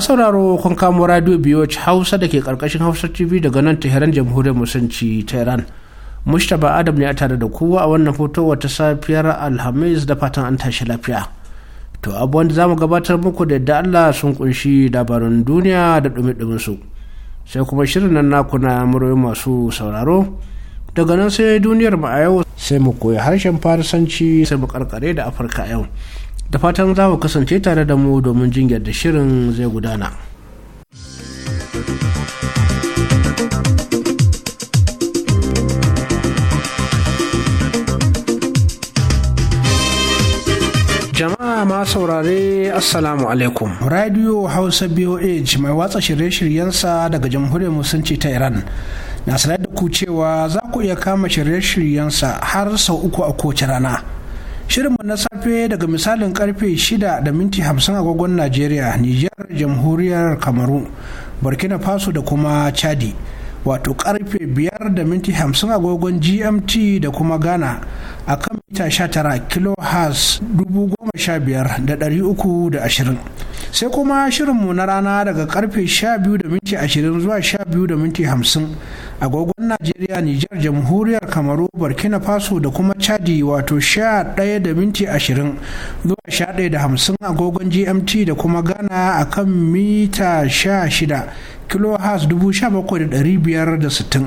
sauraro kun kamo radio BOH Hausa da ke karkashin Hausa TV daga nan Tehran Jamhuriyar Musulunci ta Iran. Mustapha Adam ne a tare da kowa a wannan hoto wata safiyar Alhamis da fatan an tashi lafiya. To abubuwan da zamu gabatar muku da yadda Allah sun kunshi dabarun duniya da dumi-dumin su. Sai kuma shirin nan naku na muryoyi masu sauraro. Daga nan sai duniyar mu a yau sai mu koyi harshen Farisanci sai mu karkare da Afirka yau. da fatan za ku kasance tare da mu domin jin da shirin zai gudana. jama'a ma saurare assalamu alaikum radio hausa boh mai watsa shirye-shiryensa daga jamhuriyar musulunci ta iran na sanar da ku cewa za ku iya kama shirye-shiryensa har sau uku a kowace rana Shirinmu na safe daga misalin karfe 6 da minti 50 agogon Najeriya, Nijar, Jamhuriyar Kamaru, Burkina Faso da kuma Chadi. Wato karfe 5 da minti 50 agogon GMT da kuma Ghana a kan mita 19 da 15320 sai kuma shirinmu na rana daga karfe 12:20 zuwa sha 12:50 agogon najeriya nijar jamhuriyar kamaru burkina faso da kuma chadi wato 11:20 zuwa sha da hamsin agogon gmt da kuma ghana a kan mita 16 kilohertz 17,560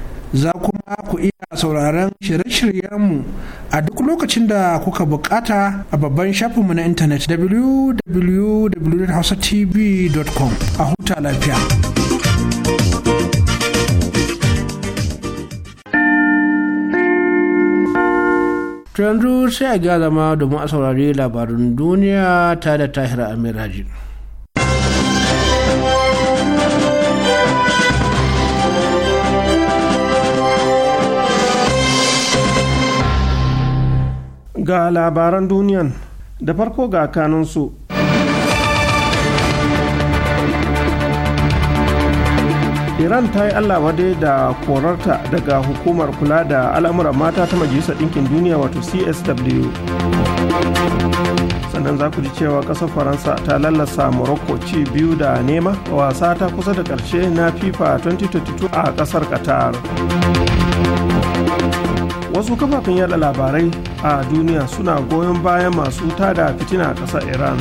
za kuma ku iya sauraron shirye-shiryenmu a duk lokacin da kuka bukata a babban shafinmu na intanet www.hausatv.com a huta lafiya. yanzu sai a gyara zama domin a saurari labarin duniya ta da a amiraji. ga labaran duniyan da farko ga kanunsu iran ta yi allah wade da korarta daga hukumar kula da al'amuran mata ta majalisar ɗinkin duniya wato csw sannan za ku ji cewa ƙasar faransa ta lalasa morocco ci biyu da nema wasa ta kusa da ƙarshe na fifa 2022 a ƙasar qatar wasu kafafen yada labarai a duniya suna goyon bayan masu tada fitina a ƙasar iran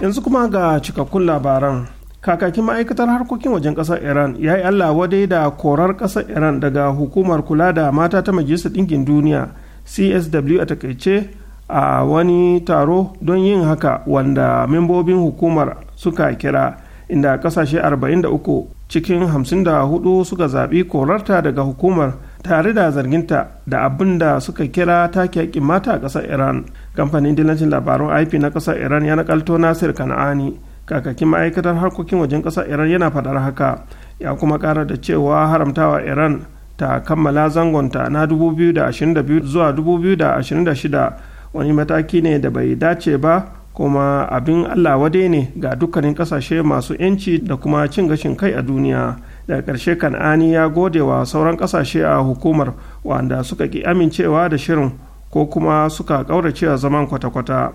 yanzu kuma ga cikakkun labaran kakakin ma'aikatar harkokin wajen ƙasar iran ya yi allah wadai da korar ƙasar iran daga hukumar kula da mata ta majalisar ɗinkin duniya csw a takaice a wani taro don yin haka wanda membobin hukumar suka kira inda ƙasashe 43 cikin 54 suka zaɓi korarta daga hukumar tare da zarginta da abin da suka kira take yakin mata a ƙasar iran kamfanin dillancin labarun ip na ƙasar iran ya nakalto nasir kana'ani kakakin ma'aikatar harkokin wajen ƙasar iran yana faɗar haka ya kuma ƙara da cewa haramtawa iran ta kammala zangonta na 2022 zuwa 2026 wani mataki ne da bai dace ba kuma abin allah wade ne ga dukkanin kasashe masu 'yanci da kuma cin gashin kai a duniya daga ƙarshe kan'ani ya gode wa sauran kasashe a hukumar wanda suka ki amincewa da shirin ko kuma suka ƙauracewa zaman kwata-kwata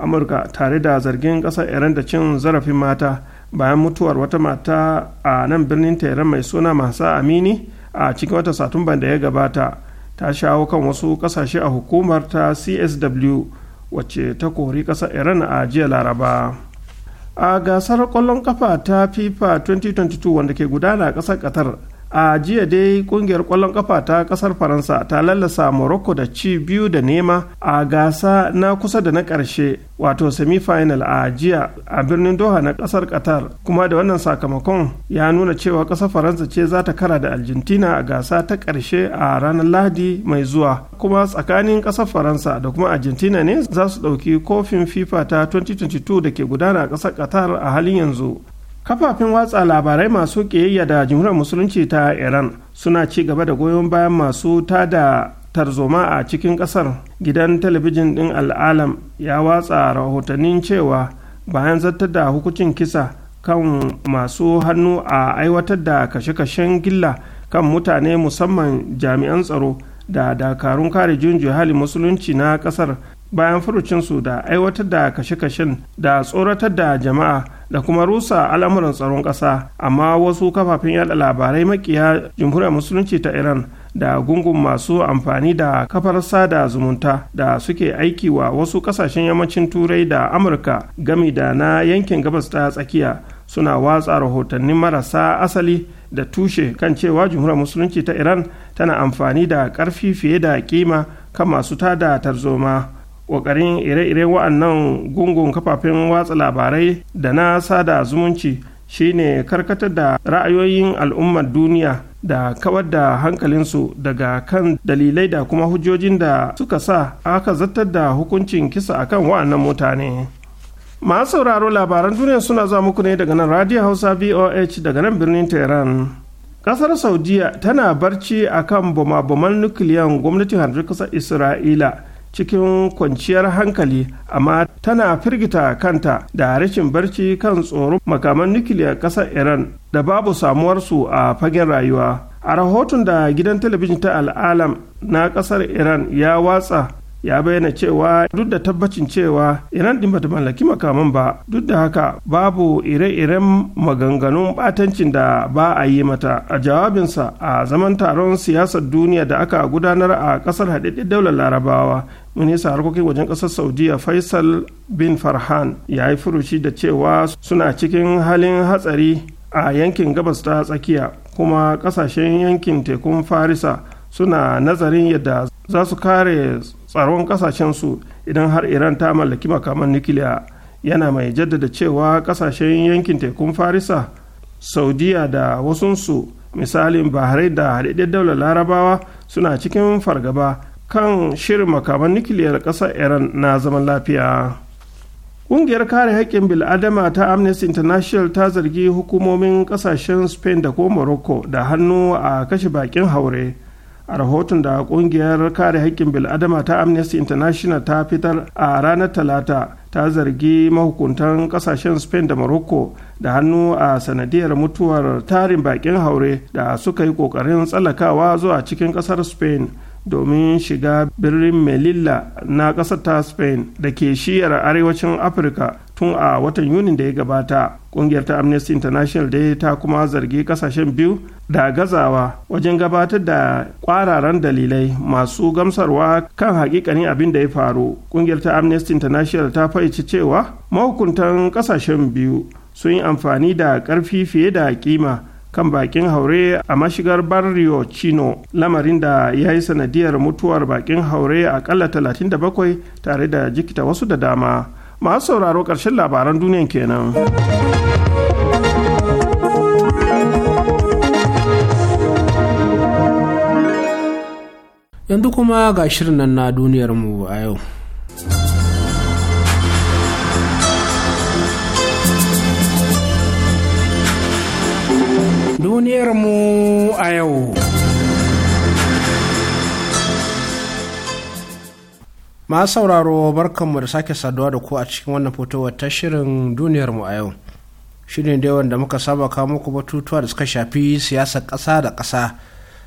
amurka tare da zargin ƙasar iran da cin zarafin mata bayan mutuwar wata mata a nan birnin tehran mai suna masa amini a cikin wata satumban da ya gabata ta shawo kan wasu ƙasashe a hukumar ta csw wacce ta kori ƙasar iran a jiya laraba a gasar ƙwallon kafa ta fifa 2022 wanda ke gudana a ƙasar qatar a jiya dai kungiyar kwallon kafa ta kasar faransa ta lallasa morocco da ci biyu da nema a gasa na kusa da na karshe wato semi a jiya a birnin doha na kasar qatar kuma da wannan sakamakon ya nuna cewa kasar faransa ce za ta kara da argentina a gasa ta karshe a ranar lahadi mai zuwa kuma tsakanin kasar faransa da kuma argentina ne za su ɗauki kofin fifa ta 2022 da ke gudana a kasar qatar a halin yanzu kafafin watsa labarai masu ƙiyayya da jimhuriyar musulunci ta iran suna ci gaba da goyon bayan masu tada tarzoma a cikin ƙasar gidan talabijin ɗin al'alam ya watsa rahotannin cewa bayan zartar da hukucin kisa kan masu hannu a aiwatar da kashe-kashen gilla kan mutane musamman jami'an tsaro da dakarun kare juyin hali musulunci na ƙasar bayan furucinsu da aiwatar da kashe-kashen da tsoratar da jama'a da kuma rusa al'amuran tsaron ƙasa amma wasu kafafen yada labarai makiya jamhuriyar musulunci ta iran da gungun masu amfani da kafar sada zumunta da suke aiki wa wasu kasashen yammacin turai da amurka gami da na yankin gabas ta tsakiya suna watsa rahotanni marasa asali da tushe kan cewa jamhuriyar musulunci ta iran tana amfani da ƙarfi fiye da kima kan masu tada tarzoma ƙoƙarin ire-iren wa'annan gungun kafafen watsa labarai da na sada zumunci shine karkatar da ra'ayoyin al'ummar duniya da kawar da hankalinsu daga kan dalilai da kuma hujjojin da suka sa aka zartar da hukuncin kisa akan wa'annan mutane. masu sauraro labaran duniya suna zuwa muku ne daga nan radio hausa voh daga nan birnin tehran kasar saudiya tana barci akan bama-baman nukiliyan gwamnatin harbi kasar isra'ila cikin kwanciyar hankali amma tana firgita kanta da rashin barci kan tsoron makaman nukiliyar ƙasar iran da babu samuwarsu a fagen rayuwa a rahoton da gidan talabijin ta al'alam na ƙasar iran ya watsa ya bayyana cewa duk da tabbacin cewa iran din bata mallaki makaman ba duk da haka babu ire-iren maganganun batancin da ba a yi mata a jawabinsa a zaman taron siyasar duniya da aka gudanar a ƙasar haɗaɗɗen daular larabawa minista harkokin wajen ƙasar saudiya faisal bin farhan ya yi furuci da cewa suna cikin halin hatsari a yankin gabas ta tsakiya kuma ƙasashen yankin tekun farisa suna nazarin yadda za su kare tsaron kasashensu idan har iran ta mallaki makaman nukiliya yana mai jaddada cewa kasashen yankin tekun farisa saudiya da wasunsu misalin bahrain da haɗaɗɗen daular larabawa suna cikin fargaba kan shirin makaman nukiliyar ƙasar iran na zaman lafiya ƙungiyar kare haƙƙin bil'adama ta amnesty international ta zargi hukumomin ƙasashen spain da ko morocco da hannu a kashe baƙin haure a rahoton da kungiyar kare haƙƙin bil'adama ta amnesty international ta fitar a ranar talata ta zargi mahukuntan ƙasashen spain da morocco da hannu a sanadiyar mutuwar tarin bakin haure da suka yi ƙoƙarin tsallakawa zuwa cikin ƙasar spain domin shiga birnin melilla na ƙasar ta spain da ke shiyar arewacin afirka tun a watan yunin da ya gabata kungiyar ta amnesty international dai ta kuma zargi kasashen biyu da gazawa wajen gabatar da kwararan dalilai masu gamsarwa kan hakikanin abin da ya faru kungiyar ta amnesty international ta faici cewa mahukuntan kasashen biyu sun yi amfani da karfi fiye da kima kan bakin haure a mashigar barrio chino lamarin da ya yi sanadiyar mutuwar bakin haure akalla 37 tare da jikita wasu da dama masu sauraro ƙarshen labaran duniyan kenan. yanzu kuma ga shirin nan na duniyarmu a yau duniyarmu a yau ma sauraro barkanmu da sake saduwa da ku a cikin wannan fitowar ta shirin duniyarmu a yau shirin dai wanda muka saba kawo muku batutuwa da suka shafi siyasar ƙasa da ƙasa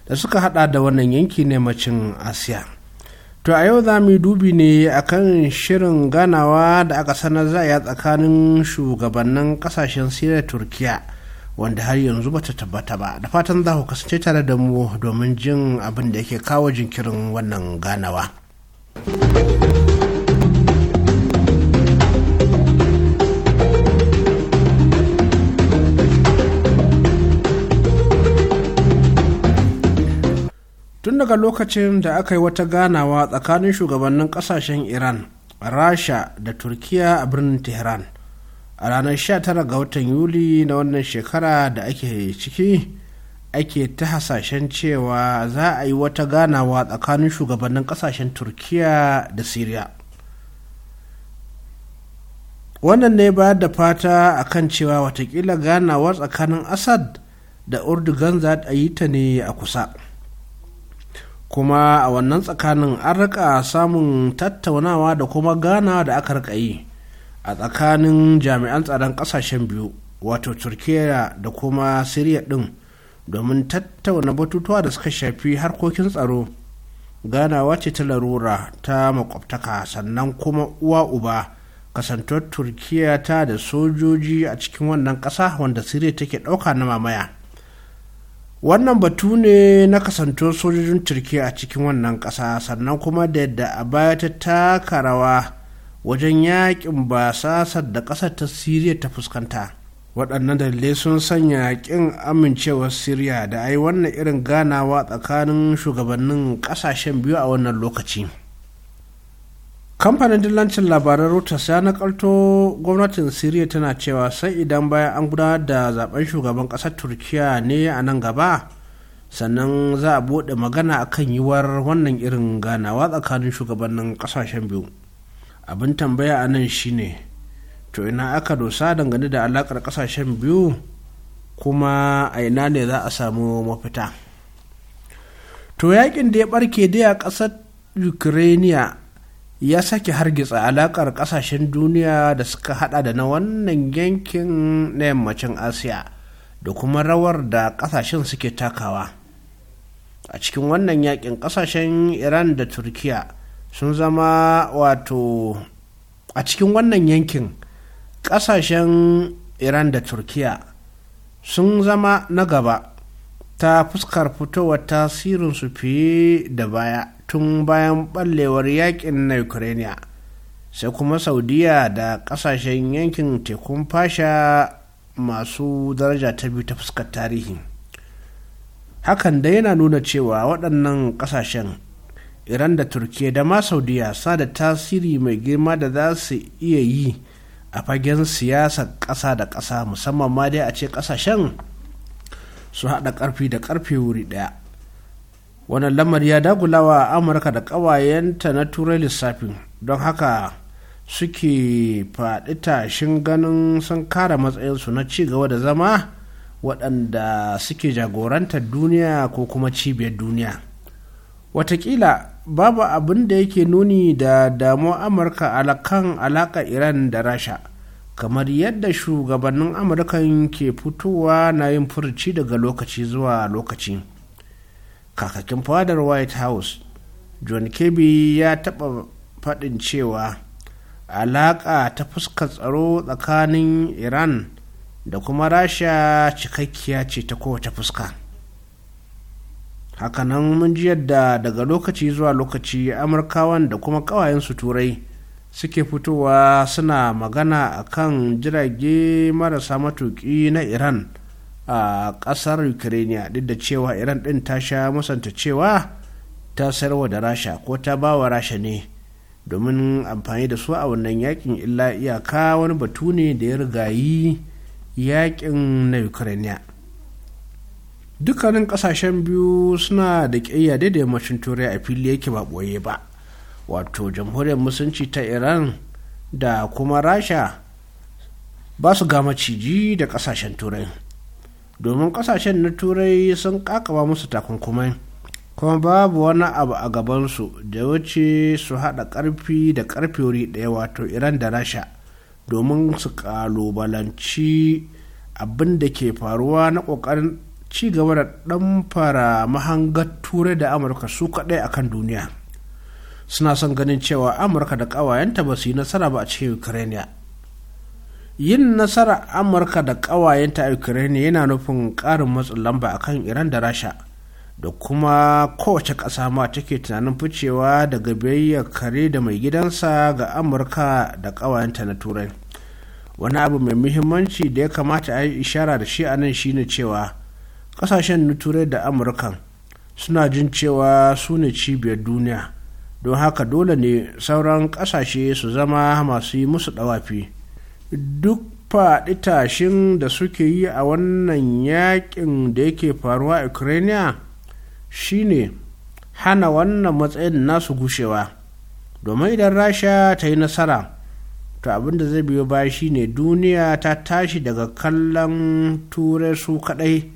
da suka hada da wannan yanki ne macin asiya to a yau za mu yi dubi ne akan shirin ganawa da aka sanar za a yi tsakanin shugabannin kasashen siriya turkiya wanda har yanzu bata tabbata ba da fatan za ku kasance tare da mu domin jin abin da yake kawo jinkirin wannan ganawa. tun daga lokacin da aka yi wata ganawa tsakanin shugabannin kasashen iran rasha da turkiya a birnin tehran a ranar 19 ga watan yuli na wannan shekara da ake ciki ake ta hasashen cewa za a yi wata ganawa tsakanin shugabannin kasashen turkiya da syria wannan ne ba da fata akan cewa watakila ganawa tsakanin Asad da urdugan za a yi ta ne a kusa kuma a wannan tsakanin an rika samun tattaunawa da kuma ganawa da aka rika yi a tsakanin jami'an tsaron kasashen biyu wato turkiya da kuma siriya din domin tattauna batutuwa da suka shafi harkokin tsaro ganawa ce ta larura ta makwabtaka sannan kuma uwa uba kasantar turkiya ta da sojoji a cikin wannan ƙasa wanda siriya take ɗauka na mamaya wannan batu ne na kasantar sojojin turkiya a cikin wannan ƙasa sannan kuma da yadda a baya ta taka rawa wajen yakin basasar da ƙasar ta siriya ta fuskanta waɗannan dalilai sun sanya ƙin amincewar siriya da a yi wannan irin ganawa tsakanin shugabannin ƙasashen biyu a wannan lokaci kamfanin dillancin labaran reuters ya nakalto gwamnatin siriya tana cewa sai idan bayan an gudanar da zaben shugaban ƙasar turkiya ne a nan gaba sannan za a buɗe magana a kan yiwuwar wannan irin ganawa tsakanin shugabannin ƙasashen biyu abin tambaya a nan shine to ina aka dosa dangane da alakar kasashen biyu kuma a ina ne za a samu mafita to yakin da ya barke dai a ƙasar ukraine ya sake hargitsa alakar kasashen duniya da suka hada da na wannan yankin na yammacin asiya da kuma rawar da kasashen suke takawa a cikin wannan yakin kasashen iran da turkiya sun zama wato a cikin wannan yankin ƙasashen iran da turkiya sun zama na gaba ta fuskar fitowar tasirinsu fiye da baya tun bayan ɓallewar yakin na ukraine sai kuma saudiya da ƙasashen yankin tekun fasha masu daraja ta biyu ta fuskar tarihi hakan da yana nuna cewa waɗannan ƙasashen iran da turkiya da ma saudiya sa da tasiri mai girma da za su iya yi a fagen siyasar ƙasa da ƙasa musamman ma dai a ce ƙasashen su haɗa ƙarfi da ƙarfe wuri ɗaya wannan lamari ya dagulawa amurka da ƙawayenta na turai lissafin don haka suke faɗi tashin ganin sun kara matsayinsu na ci gaba da zama waɗanda suke jagorantar duniya ko kuma cibiyar duniya watakila babu abin da yake nuni da damuwar amurka alakan alaƙa iran da rasha kamar yadda shugabannin amurkan ke fitowa na yin furci daga lokaci zuwa lokaci kakakin fadar white house john kirby ya taɓa faɗin cewa alaƙa ta fuskar tsaro tsakanin iran da kuma rasha cikakkiya ce ta kowace fuska hakanan mun ji yadda daga lokaci zuwa lokaci amurkawan da kuma ƙawayensu turai suke fitowa suna magana a kan jirage marasa matuƙi na iran a ƙasar ukraine duk da cewa iran ɗin ta sha musanta cewa ta sayarwa da rasha ko ta bawa rasha ne domin amfani da su a wannan yakin illa iyaka wani batu ne da ya rigayi yakin na ukraine dukkanin kasashen biyu suna da ƙiyya da yammacin turai a fili yake ba ɓoye ba wato jamhuriyar musulunci ta iran da kuma rasha ba su gama ciji da kasashen turai domin kasashen na turai sun kakaba musu takunkumai kuma babu wani abu a gabansu da wuce su haɗa ƙarfi da ƙarfe wuri ɗaya wato iran da rasha domin su ƙalubalanci abin da ke faruwa na ƙoƙarin ci gaba da fara mahangar turai da amurka su kaɗai akan duniya suna son ganin cewa amurka da ƙawayenta ba su yi nasara ba a cikin ukraine yin nasara amurka da ƙawayenta a ukraine yana nufin ƙarin matsin lamba kan iran da rasha da kuma kowace ƙasa ma take tunanin ficewa daga biyayyar kare da mai gidansa ga amurka da ƙawayenta na turai wani abu mai muhimmanci da ya kamata a yi ishara da shi a nan shine cewa ƙasashen na turai da amurkan suna jin cewa su ne cibiyar duniya don haka dole ne sauran ƙasashe su zama masu yi musu ɗawafi duk faɗitashin da suke yi a wannan yaƙin da yake faruwa a ukraine shine hana wannan matsayin nasu gushewa domin idan rasha ta yi nasara to abinda zai biyo baya shine duniya ta tashi daga kallon turai su kadai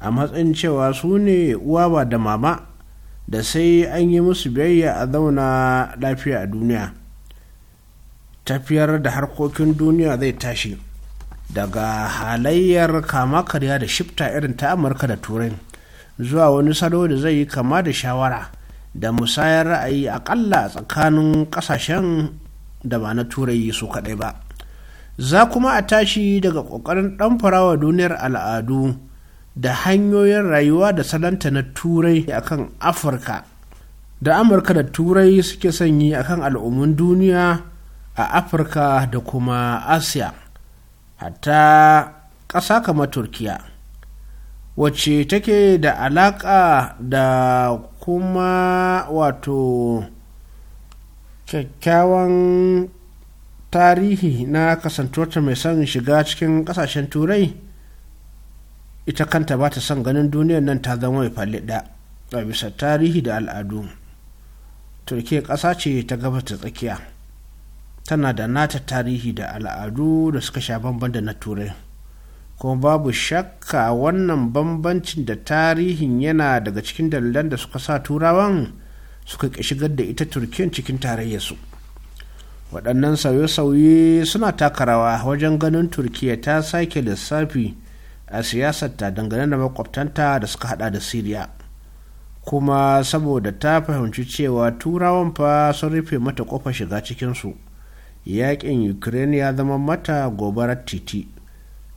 a matsayin cewa su ne uwa ba da mama da sai an yi musu biyayya a zauna lafiya a duniya tafiyar da harkokin duniya zai tashi daga halayyar kama karya da shifta irin ta amurka da turai zuwa wani salo da zai yi kama da shawara da musayar ra'ayi akalla a tsakanin kasashen da ba na turai su kaɗai ba za kuma a tashi daga ƙoƙarin farawa duniyar al'adu da hanyoyin rayuwa da salanta na turai akan afirka da amurka da turai suke sanyi akan al'ummun duniya a afirka da kuma asiya hatta ƙasa kama turkiya wacce take da alaƙa da kuma wato kyakkyawan tarihi na kasantuwarta mai son shiga cikin ƙasashen turai ita kanta ba ta son ganin duniyar nan ta zama mai fallida a bisa tarihi da al'adu turkiya ƙasa ce ta gaba ta tsakiya tana da nata tarihi da al'adu da suka sha bamban da na turai kuma babu shakka wannan bambancin da tarihin yana daga cikin dalilan da suka sa turawan suka shigar da ita turkiyan cikin tarayyarsu waɗannan sauye-sauye suna taka rawa wajen ganin turkiya ta sake lissafi a siyasarta dangane da makwabtanta da suka hada da siriya kuma saboda ta fahimci cewa turawan fa sun rufe mata kofa shiga cikinsu yakin ukraine ya zama mata gobarar titi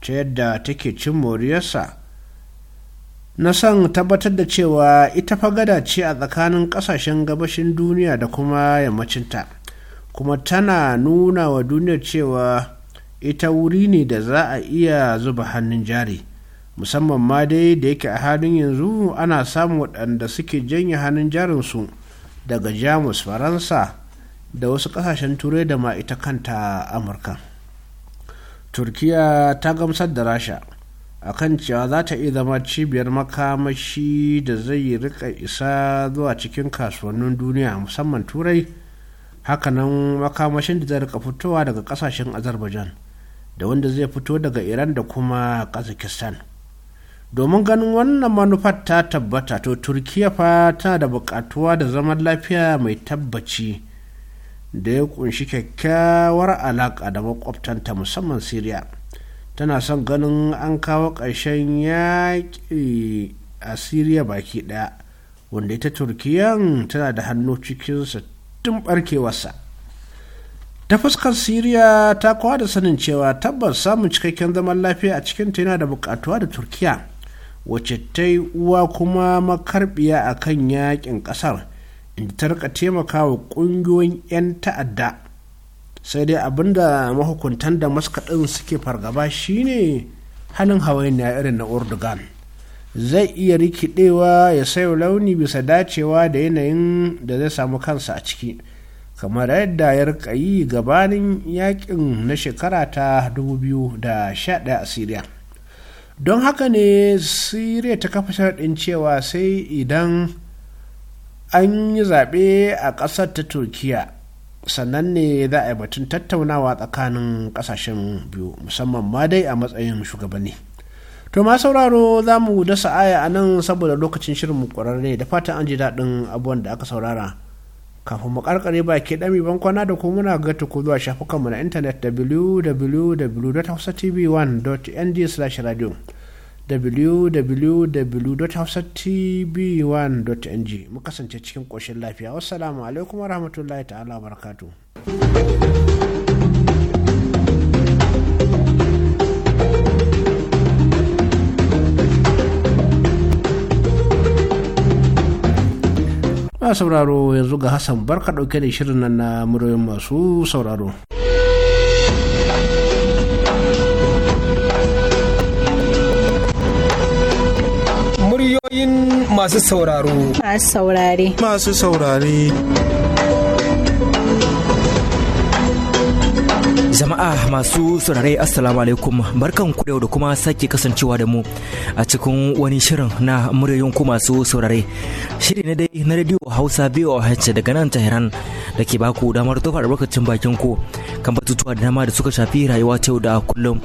ta yadda take cin moriyarsa na son tabbatar da cewa ita fa gada ce a tsakanin kasashen gabashin duniya da kuma yammacinta kuma tana nuna wa duniyar cewa ita wuri ne da za a iya zuba hannun jari musamman ma dai da yake a halin yanzu ana samun waɗanda suke janye hannun jarinsu daga jamus faransa da wasu ƙasashen turai da ma ita kanta amurka turkiya ta gamsar da rasha a kan cewa za ta iya zama cibiyar makamashi da zai rika isa zuwa cikin kasuwannin duniya musamman turai hakanan makamashin da zai rika fitowa daga kasashen azerbaijan da wanda zai fito daga iran da kuma kazakistan domin ganin wannan manufar ta tabbata to turkiya fa tana da bukatuwa da zaman lafiya mai tabbaci da ya kunshi kyakkyawar alaƙa da makwabtanta musamman syria tana son ganin an kawo ƙarshen yaƙi a syria baki ɗaya wanda ita turkiyan tana da hannu cikinsa tun ɓarkewarsa ta fuskar siriya ta kowa da sanin cewa tabbas samun cikakken zaman lafiya a cikin yana da bukatuwa da turkiya wacce ta yi uwa kuma makarbiya a kan yakin kasar in ta rika taimaka wa kungiyoyin 'yan ta'adda sai dai abinda mahukuntan da maskaɗin suke fargaba shine halin hawainiya irin na urdugan zai iya rikidewa ya sayo launi bisa dacewa da yanayin da zai samu kansa a ciki. kamar yadda ya rika yi gabanin yakin na shekara ta 2011 a syria don haka ne syria ta kafa sharaɗin cewa sai idan an yi zaɓe a ƙasar ta turkiya sannan ne za a yi batun tattaunawa tsakanin ƙasashen biyu musamman ma dai a matsayin shugabanni to ma sauraro za mu dasa aya a nan saboda lokacin shirin mu ƙwararre da fatan an ji daɗin abubuwan da aka saurara kafin mu karkare baki dami ban kwana da ku muna ga ku zuwa mu na intanet www.hausatv1.ng/radio www.hausatv1.ng mu kasance cikin koshin lafiya wassalamu alaikum warahmatullahi ta'ala barakatuh a sauraro yanzu ga hassan barka ɗauke da shirin nan na muryoyin masu sauraro muryoyin masu sauraro masu saurare masu saurare Jama'a masu saurare Assalamu alaikum barkan ku da kuma sake kasancewa da mu a cikin wani shirin na muryoyin ku masu saurare. Shiri na dai na Radio Hausa a daga nan Tehran da ke baku damar tofa lokacin bakin ku kan batutuwa da dama da suka shafi rayuwa ta yau da kullum.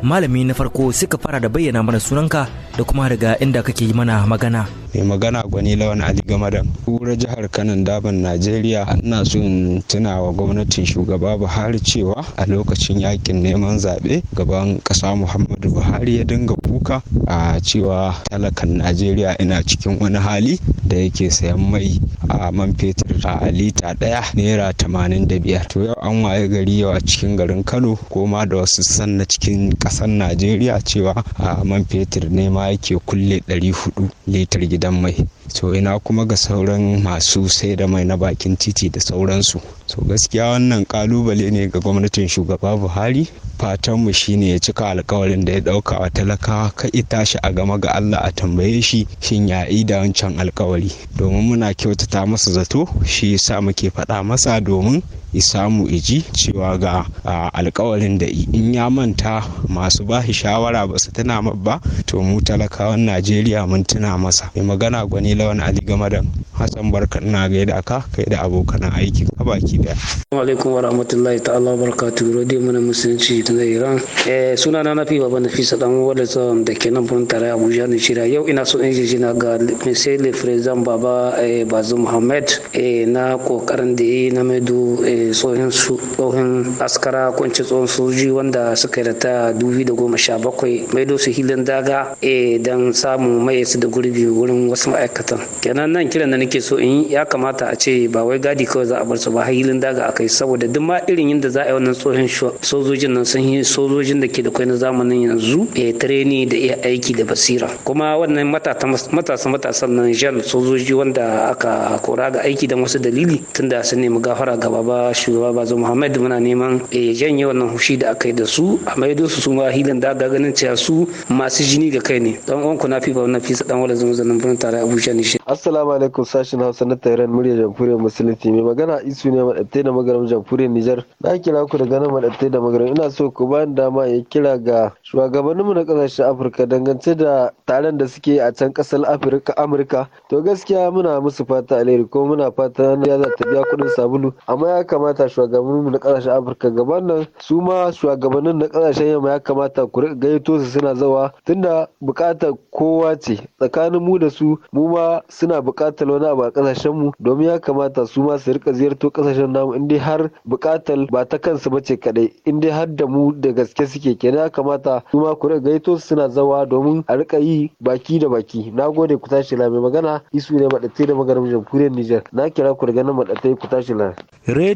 Malami na farko suka fara da bayyana mana sunanka da kuma daga inda kake yi mana magana. mai magana gwani lawan ali gamadan kura jihar kanan daban najeriya ina son tunawa gwamnatin shugaba buhari cewa a lokacin yakin neman zaɓe gaban ƙasa muhammadu buhari ya dinga kuka a cewa talakan najeriya ina cikin wani hali da yake sayan mai a man fetur a lita ɗaya naira tamanin da biyar to yau an waye gari yau a cikin garin kano ko ma da wasu sanna cikin ƙasar najeriya cewa a man fetur ne ma yake kulle ɗari hudu litar gidan mai so ina kuma ga sauran masu sai da mai na bakin titi da sauransu so gaskiya wannan kalubale ne ga gwamnatin shugaba buhari fatanmu shine ya cika alkawarin da ya dauka wa talakawa ka ita shi a gama ga allah a tambaye shi shin ya yi da wancan alkawari domin muna kyautata masa zato shi yasa muke faɗa masa domin ya samu iji cewa ga alkawarin da in ya manta masu bashi shawara ba su tuna ba to mu talakawan najeriya mun tuna masa mai magana gwani lawan ali gamadan hassan barka ina gaida ka kai da abokan aiki a baki daya alaikum wa rahmatullahi ta'ala wa barakatuhu radio mana musulunci ta eh, na iran eh suna na nafi baba nafisa dan wanda da ke nan bun tare abuja ne shirya yau ina so in ji na ga misali prezan baba eh, bazu muhammad eh, na kokarin da yi na maido tsohon askara ko tsohon soji wanda suka yi ta dubi da goma sha bakwai mai su hilin daga eh, don samu mai su da gurbi wurin wasu ma'aikatan kenan nan kiran da nake so in ya kamata a ce ba wai gadi kawai za a bar su ba hilin daga akai saboda duk ma irin yadda za a yi wannan tsohon sojojin nan sun yi sojojin da ke da kwai na zamanin yanzu e eh, tireni da iya aiki da basira kuma wannan matasa matasan nan jan sojoji wanda aka kora ga aiki don wasu dalili tunda sun nemi gafara gaba ba shugaba ba zo muhammad muna neman ya eh, janye wannan hushi da aka yi da su a maido su suma hilin da ga ganin cewa su masu jini ga kai ne dan uwan ku na fi ba wannan fisa dan wala zan zan birnin tare abuja ne shi assalamu alaikum sashin hausa na tayaran murya jamhuriyar musulunci mai magana isu ne madatte da magaram jamhuriyar nijar na kira ku da ganin madatte da magaram ina so ku bayan dama ya kira ga shugabanninmu na kasashen afirka dangance da taron da suke a can kasar afirka amurka to gaskiya muna musu fata alheri ko muna fata ya za ta biya kuɗin sabulu amma ya kama kamata shugabanninmu na kasashen afirka gaban nan su ma shugabannin na kasashen yamma ya kamata ku gaito su suna zawa tunda bukatar kowa ce tsakanin mu da su mu ma suna bukatar wani abu a kasashen mu domin ya kamata su ma su rika ziyarto kasashen namu in dai har bukatar ba ta kansu ba ce kadai in dai har da mu da gaske suke kenan ya kamata su ma ku gaito su suna zawa domin a rika yi baki da baki na gode ku tashi la mai magana isu ne madatai da magarin jamhuriyar Nijar na kira ku daga nan madatai ku tashi la.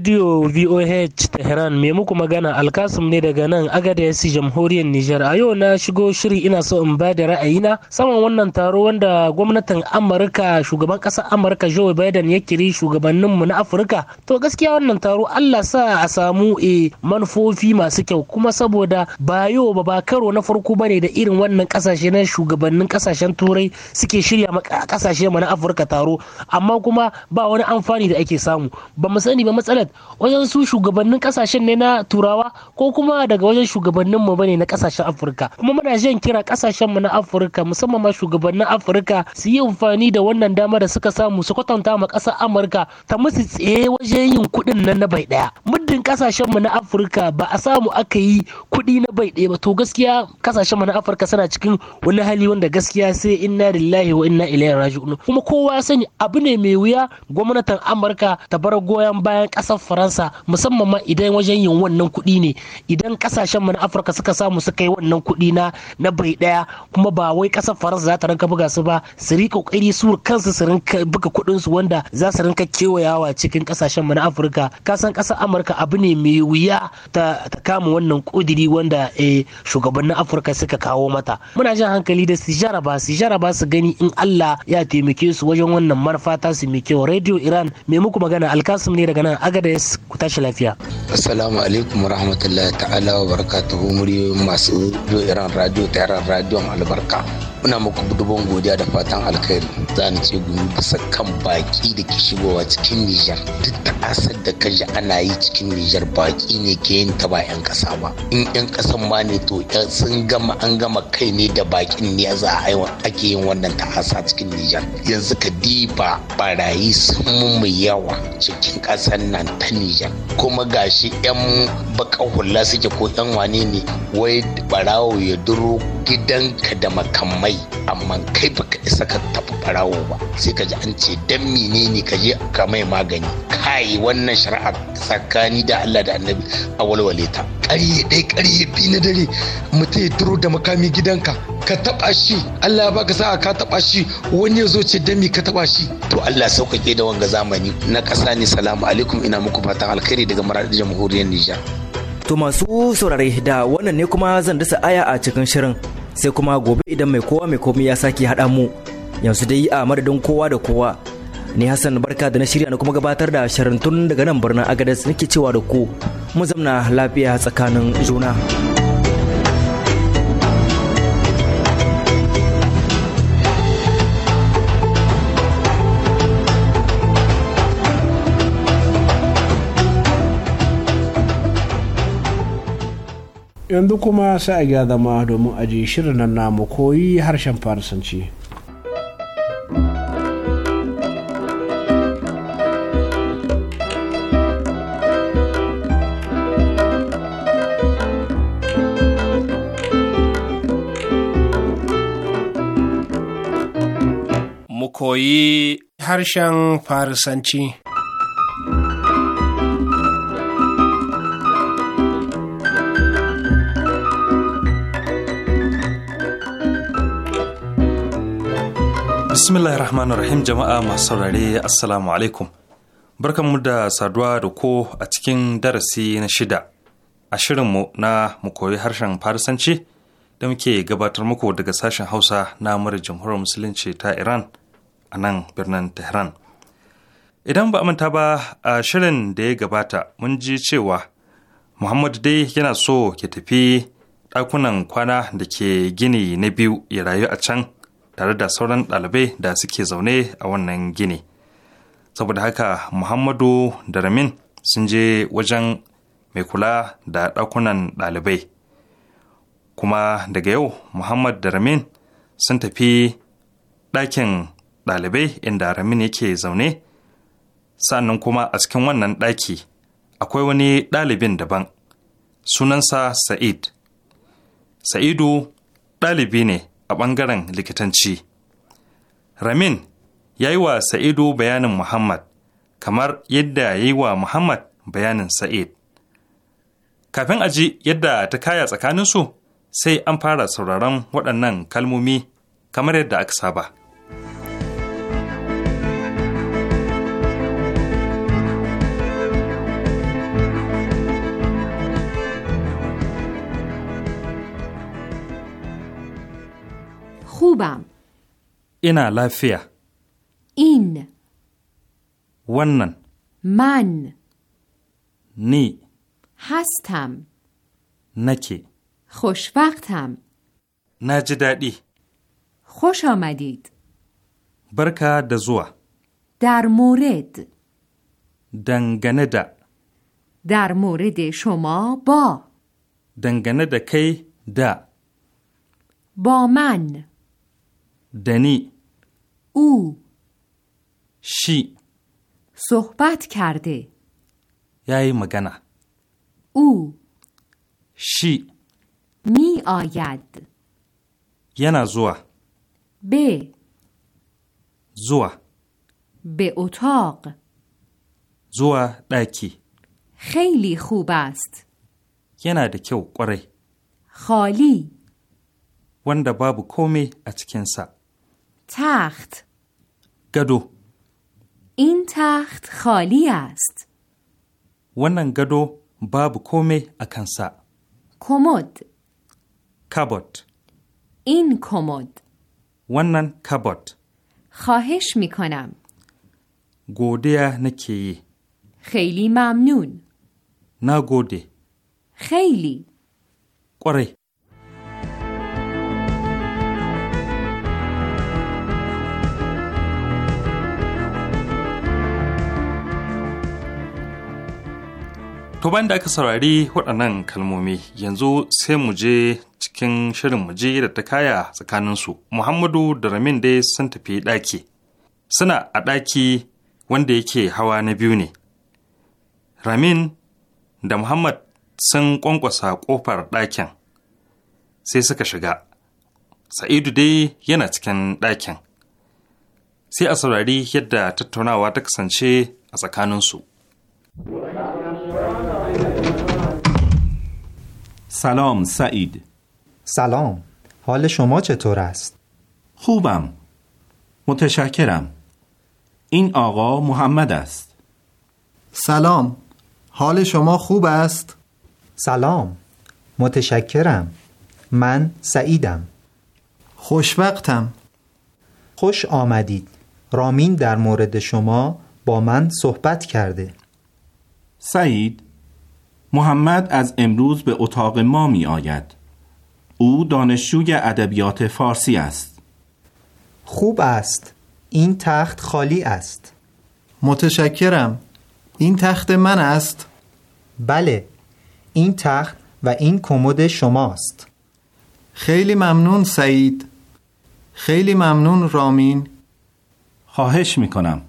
Radio VOH Tehran mai muku magana Alkasim ne daga nan Agadez Jamhuriyar Nijar. A yau na shigo shiri ina so in ba da ra'ayina saman wannan taro wanda gwamnatin Amurka shugaban ƙasar Amurka Joe Biden ya kiri shugabanninmu na Afirka. To gaskiya wannan taro Allah sa a samu e manufofi masu kyau kuma saboda ba yau ba ba karo na farko bane da irin wannan kasashe na shugabannin kasashen turai suke shirya kasashe mu na Afirka taro amma kuma ba wani amfani da ake samu. Ba mu sani ba matsalar wajen su shugabannin kasashen ne na turawa ko kuma daga wajen shugabannin mu bane na kasashen afirka kuma muna jan kira kasashen mu na afirka musamman ma shugabannin afirka su yi amfani da wannan dama da suka samu su kwatanta ma kasar amurka ta musu tsaye wajen yin kuɗin nan na bai ɗaya muddin kasashen mu na afirka ba a samu aka yi kuɗi na bai ɗaya ba to gaskiya kasashen mu na afirka suna cikin wani hali wanda gaskiya sai inna lillahi wa inna ilaihi raji'un kuma kowa ya sani abu ne mai wuya gwamnatin amurka ta bar goyon bayan kasar faransa musamman ma idan wajen yin wannan kuɗi ne idan kasashen mu na afirka suka samu suka yi wannan kuɗi na na bai ɗaya kuma ba wai ƙasar faransa za ta rinka buga su ba su yi kokari su kansu su rinka buga kuɗin su wanda za su rinka kewayawa cikin kasashen mu na afirka kasan ƙasar amurka abu ne mai wuya ta, kama wannan ƙudiri wanda eh, shugabannin afirka suka kawo mata muna jan hankali da su jaraba su jaraba su gani in allah ya taimake su wajen wannan manufa ta su mai kyau radio iran mai muku magana alkasum ne daga nan agada BOS ku tashi lafiya. Assalamu alaikum rahmatullahi ta'ala wa barakatuhu muryoyin masu iran radio ta yaran radio albarka. muna muku dubban godiya da fatan alkhairi za ni ce gumi bisa kan baki da ke shigowa cikin nijar duk ta'asar da kaji ana yi cikin nijar baki ne ke yin ta ba 'yan kasa ba in 'yan kasan ma ne to sun gama an gama kai ne da bakin ne za a ake yin wannan asa cikin nijar yanzu ka diba barayi sun mu yawa cikin kasan nan ta nijar kuma gashi 'yan baka hula suke ko 'yan wane ne wai barawo ya duro gidanka da makamai mai amma kai baka isa ka tafi farawo ba sai ka ji an ce dan ne ka je ka mai magani kai wannan shari'a tsakani da Allah da Annabi a walwale ta ƙarye dai ƙarye bi na dare mutai ya turo da makami gidanka ka taba shi Allah ya baka sa'a ka taba shi wani ya zo ce dan ka taba shi to Allah sauƙaƙe da wanga zamani na ƙasa ne salamu alaikum ina muku fatan alkhairi daga maradin jamhuriyar Nijar. To masu saurare da wannan ne kuma zan dasa aya a cikin shirin sai kuma gobe idan mai kowa mai komai ya sake haɗa mu yanzu dai a madadin kowa da kowa ni hassan barka da na shirya na kuma gabatar da sharantun daga nan birnin agadas nake cewa da ku mu zamna lafiya tsakanin juna. yanzu kuma sai a gya zama domin aji shirin nan namu koyi harshen farisanci. Mu koyi harshen farisanci. Bismillahirrahmanirrahim jama'a masu saurare assalamu alaikum barkanmu da saduwa da ko a cikin darasi na shida a shirinmu na mu koyi harshen farisanci da muke gabatar muku daga sashen hausa na murar jamhuriyar musulunci ta iran a nan birnin tehran idan ba manta ba a shirin da ya gabata mun ji cewa muhammadu dai yana so ke tafi ɗakunan kwana da ke gini na biyu ya rayu a can tare da sauran ɗalibai da suke zaune a wannan gini saboda haka muhammadu da ramin sun je wajen mai kula da ɗakunan ɗalibai kuma daga yau muhammad da ramin sun tafi ɗakin ɗalibai inda ramin yake zaune sannan kuma a cikin wannan ɗaki akwai wani ɗalibin daban sunansa sa'id sa'idu ɗalibi ne a ɓangaren likitanci. Ramin ya yi wa Sa'idu bayanin Muhammad, kamar yadda ya yi wa Muhammad bayanin Sa'id. Kafin aji yadda ta kaya tsakaninsu, sai an fara sauraron waɗannan kalmomi kamar yadda aka saba. خوبم اینا لافیه این ونن من نی هستم نکی خوشوقتم نجدادی خوش آمدید برکا دزوا در مورد دنگنه دا در مورد شما با دنگنه دا کی دا با من دنی او شی صحبت کرده یای مگنا او شی می آید ینا زوا ب زوا به اتاق زوا داکی خیلی خوب است ینا دکیو قره خالی wanda babu komai a cikinsa. تخت گدو این تخت خالی است ونن گدو باب کومه اکنسا کمد کبوت این کمد ونن کبوت خواهش می کنم گوده نکی خیلی ممنون نا گوده خیلی قره To da aka saurari waɗannan kalmomi yanzu sai mu je cikin shirin mu je da ta kaya tsakaninsu. Muhammadu da Ramin dai sun tafi ɗaki. Suna a ɗaki wanda yake hawa na biyu ne. Ramin da Muhammad sun ƙwanƙwasa ƙofar ɗakin sai suka shiga. Sa'idu dai yana cikin ɗakin. Sai a saurari yadda tattaunawa ta kasance a tsakaninsu. سلام سعید سلام حال شما چطور است؟ خوبم متشکرم این آقا محمد است سلام حال شما خوب است؟ سلام متشکرم من سعیدم خوشوقتم خوش آمدید رامین در مورد شما با من صحبت کرده سعید محمد از امروز به اتاق ما می آید. او دانشجوی ادبیات فارسی است. خوب است. این تخت خالی است. متشکرم. این تخت من است. بله. این تخت و این کمد شماست. خیلی ممنون سعید. خیلی ممنون رامین. خواهش می کنم.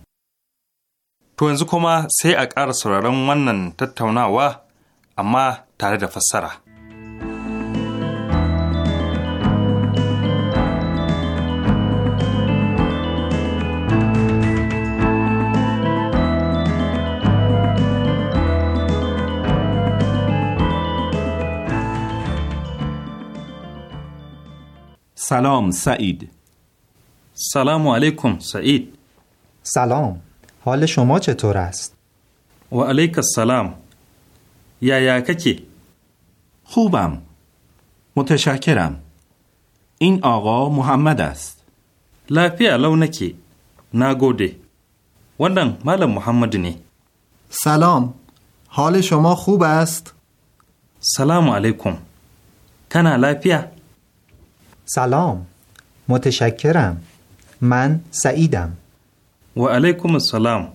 تو سه کما سی منن سرارم منن تتونا amma tare da سلام سعید سلام علیکم سعید سلام حال شما چطور است؟ و علیک السلام یایا ککی خوبم متشکرم این آقا محمد است لافیه لونکی نگوده وندن مال محمد نی سلام حال شما خوب است سلام علیکم کنا لافیه سلام متشکرم من سعیدم و علیکم السلام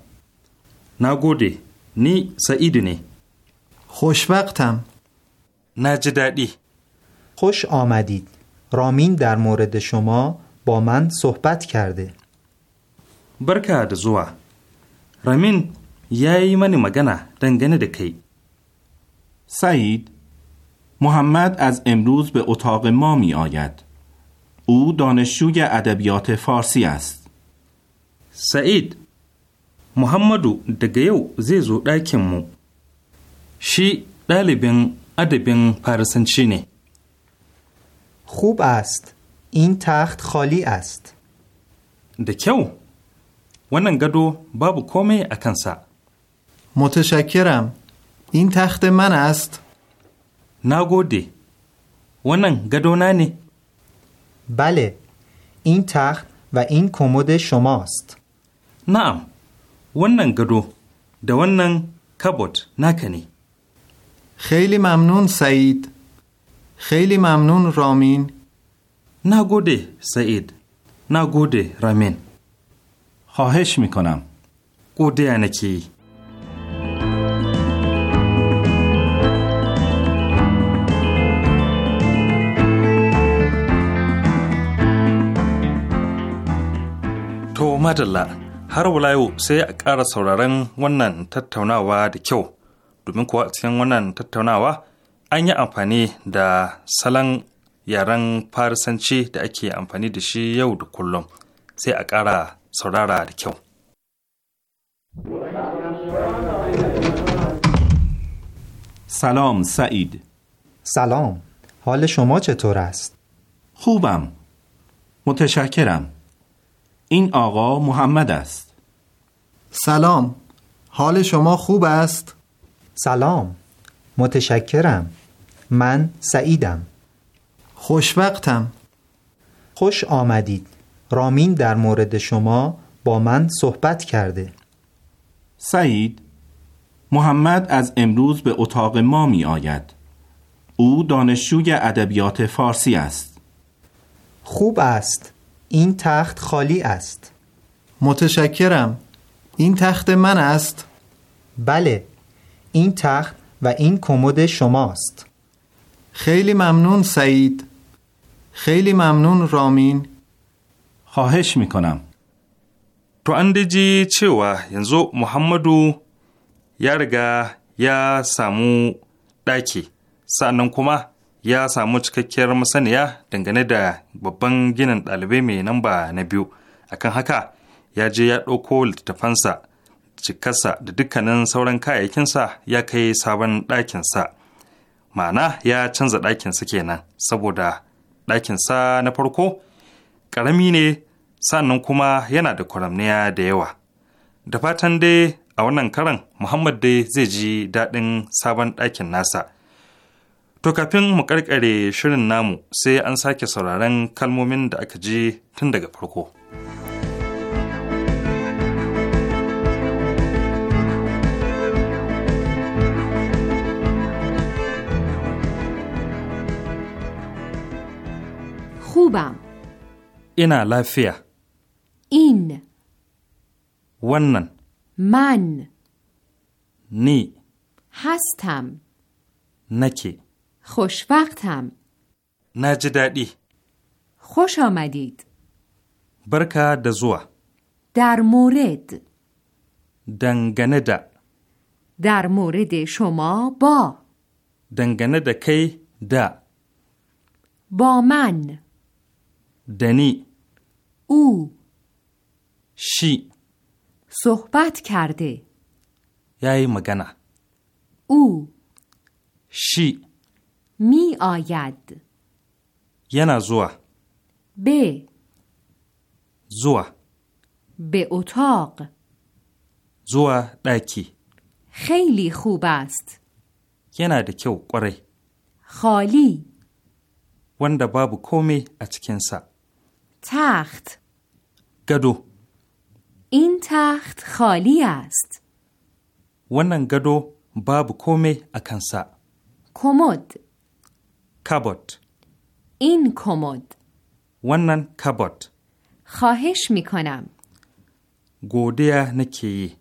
نگوده نی سعید نی خوشوقتم نجددی خوش آمدید رامین در مورد شما با من صحبت کرده برکه زوا رامین یه منی مگنا دنگنه دکی سعید محمد از امروز به اتاق ما می آید او دانشجوی ادبیات فارسی است سعید محمدو دگیو زیزو zai shi ɗalibin adabin Faransanci ne. خوب است این تخت da kyau wannan gado babu komai a kansa متشکرم این تخت من است nagode wannan gado ne bale این تخت و این کمد شماست na'am wannan gado da wannan cupboard naka ne خیلی ممنون سعید خیلی ممنون رامین نگوده سعید نگوده رامین خواهش میکنم گوده انکی تو مدلا هر ولایو سه کار سوراران ونن تتونا واد کیو domin kuwa a cikin wannan tattaunawa an yi amfani da salon yaren farisanci da ake amfani da shi yau da kullum sai a ƙara saurara da kyau. سلام سعید سلام حال شما چطور است؟ خوبم متشکرم این آقا محمد است سلام حال شما خوب است؟ سلام متشکرم من سعیدم خوشوقتم خوش آمدید رامین در مورد شما با من صحبت کرده سعید محمد از امروز به اتاق ما می آید او دانشجوی ادبیات فارسی است خوب است این تخت خالی است متشکرم این تخت من است بله این تخت و این کمد شماست خیلی ممنون سعید خیلی ممنون رامین خواهش میکنم تو اندجی چوا ینزو محمدو یارگا یا سامو داکی سانن kuma یا سامو cikakkiyar masaniya dangane da babban ginin ɗalibai mai namba na نبیو. اکن haka ya je ya ɗauko littattafansa cikarsa da dukkanin sauran kayayyakinsa ya kai sabon ɗakinsa ma'ana ya canza ɗakinsa kenan saboda ɗakinsa na farko ƙarami ne sannan kuma yana da kwaramniya da yawa da fatan dai a wannan karan muhammad dai zai ji daɗin sabon ɗakin nasa To kafin mu karkare shirin namu sai an sake sauraron kalmomin da aka ji tun daga farko. Kubam. Ina lafiya. In. Wannan. Man. Ni. hastam Nake. Khushbaktan. Na ji daɗi. Kwasho Barka da zuwa. Darmured. Dangane da. Darmured shomo bo. Dangane da kai da. Boman. دنی او شی صحبت کرده یای مگنا او شی می آید ینا زوا ب زوا به اتاق زوا داکی خیلی خوب است ینا دکیو قره خالی وند باب کومی ا تخت گدو این تخت خالی است ونن گدو باب کومه اکنسا کومد. کبوت این کمد ونن کبوت خواهش میکنم. گودیا گوده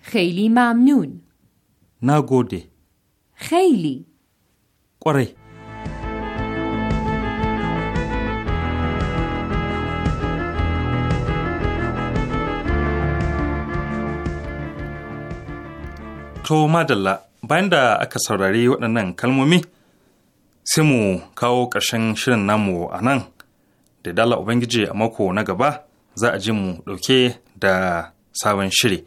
خیلی ممنون گودی خیلی قره To madalla bayan da aka saurari waɗannan kalmomi sai mu kawo ƙarshen shirin namu a nan da dala Ubangiji a mako na gaba za a ji mu ɗauke da sabon shiri.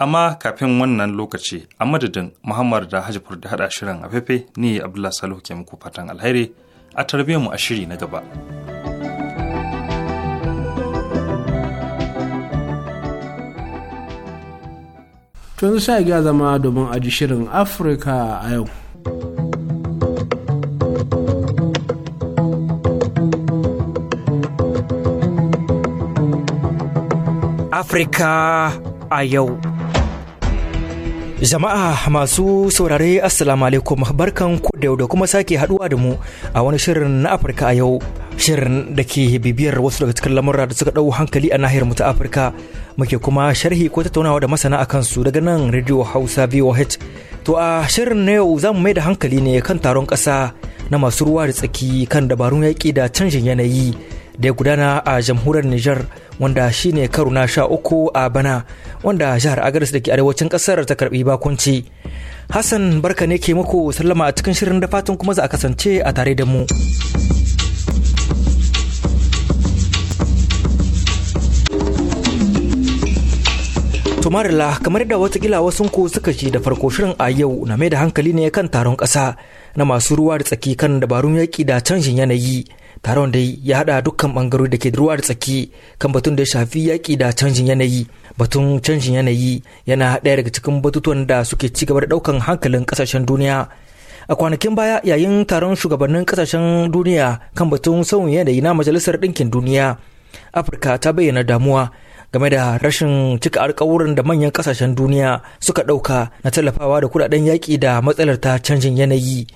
Amma kafin wannan lokaci a madadin Muhammad da Hajifur da haɗa shirin a fefe ni Abdullah Salihu ke muku fatan alheri a tarbiyyar mu a shiri na gaba. tun sa sai zama domin aji shirin afirka a yau afirka a yau Jama'a masu saurare Assalamu alaikum barkan ku da yau da kuma sake haduwa da mu a wani shirin na Afirka a yau shirin da ke bibiyar wasu daga cikin lamurra da suka ɗau hankali a nahiyar mu ta afirka muke kuma sharhi ko tattaunawa da masana a kansu daga nan radio hausa voh to a shirin na yau za mu mai da hankali ne kan taron ƙasa na masu ruwa da tsaki kan dabarun yaƙi da canjin yanayi da ya gudana a jamhuriyar nijar wanda shine karo na sha uku a bana wanda jihar agadas da ke arewacin ƙasar ta karɓi bakunci hassan barka ne ke muku sallama a cikin shirin da fatan kuma za a kasance a tare da mu. la kamar da watakila wasu ku suka ji da farko shirin a yau na mai da hankali ne kan taron kasa na masu ruwa da tsaki kan dabarun yaƙi da canjin yanayi. Taron dai ya haɗa dukkan ɓangarori da ke da ruwa da tsaki kan batun da shafi yaƙi da canjin yanayi. Batun canjin yanayi yana ɗaya daga cikin batutuwan da suke ci gaba da ɗaukan hankalin ƙasashen duniya. a kwanakin baya yayin taron shugabannin kasashen duniya kan batun sauyin yanayi na majalisar ɗinkin duniya afirka ta bayyana damuwa game da rashin cika alkawuran da manyan kasashen duniya suka ɗauka na tallafawa da kudaden yaƙi da matsalar ta canjin yanayi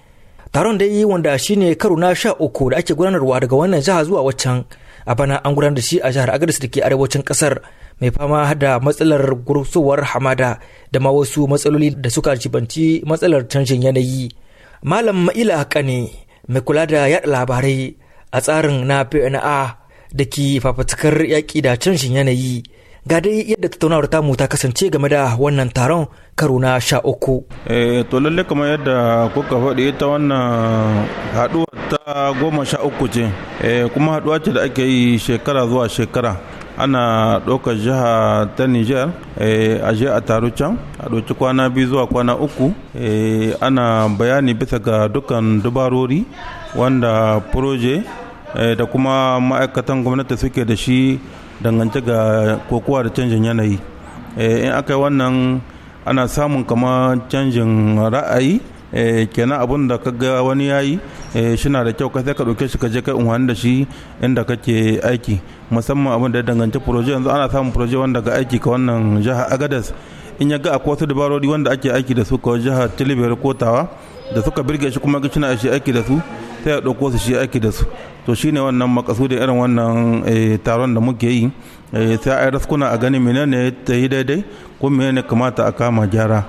taron da yi wanda shine karo na sha uku da ake gudanarwa daga wannan jiha zuwa waccan a bana an gudanar da shi a jihar agadis da ke arewacin kasar mai fama da matsalar gurusowar hamada da ma wasu matsaloli da suka jibanci matsalar canjin yanayi malam ma'ila kane mai kula da yaɗa labarai a tsarin na pna da ke fafatukar yaƙi da canjin yanayi ga dai yadda tattaunawar tamu ta kasance game da wannan taron karo na sha uku. Eh, to lalle kamar yadda kuka faɗi ta wannan haɗuwa ta goma sha uku ce eh, kuma haɗuwa ce da ake yi shekara zuwa shekara ana ɗaukar jiha ta niger eh, a je a taru can a ɗauki kwana biyu zuwa kwana uku ana bayani bisa ga dukkan dubarori wanda proje Eh, da kuma ma'aikatan gwamnati suke da shi dangance ga kokowa da canjin yanayi eh, in aka yi wannan ana samun kama canjin ra'ayi eh, kenan abun da ka ga wani ya yi shi na da kyau ka sai ka ɗauke shi ka je kai unhani da shi inda kake aiki musamman abin da ya danganci proje yanzu ana samun proje wanda ga aiki ka wannan jihar agadas in ya ga akwai wasu dabarori wanda ake aiki da su ka jihar tilibiyar kotawa da suka birge shi kuma shina shi aiki da su ta a ɗauko su shi aiki da su to shine wannan makasudin irin wannan eh, taron da muke yi eh, sai a yi raskuna a gani menene ta yi daidai ko menene kamata a kama gyara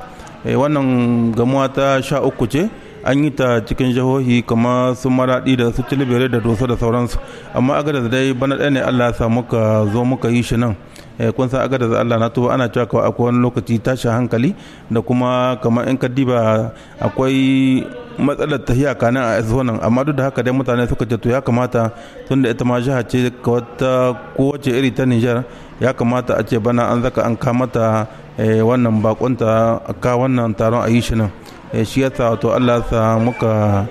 eh, wannan gamuwa ta sha uku ce an yi ta cikin jihohi kama su maraɗi da su cilibere da dosa da sauransu amma a da dai bana ɗaya ne allah ya sa muka zo muka yi shi nan Eh, kun san aga da Allah na tuba ana cewa kawai akwai wani lokaci tashin hankali da kuma kamar in ka diba akwai matsalar hiya kanin a zonan amma duk da haka dai mutane suka ce to ya kamata tun da ita ma jiha ce kowace iri ta Nijar ya kamata a ce bana an zaka an kamata eh, wannan bakonta ka wannan taron a yi shi nan eh, shi yasa to Allah sa muka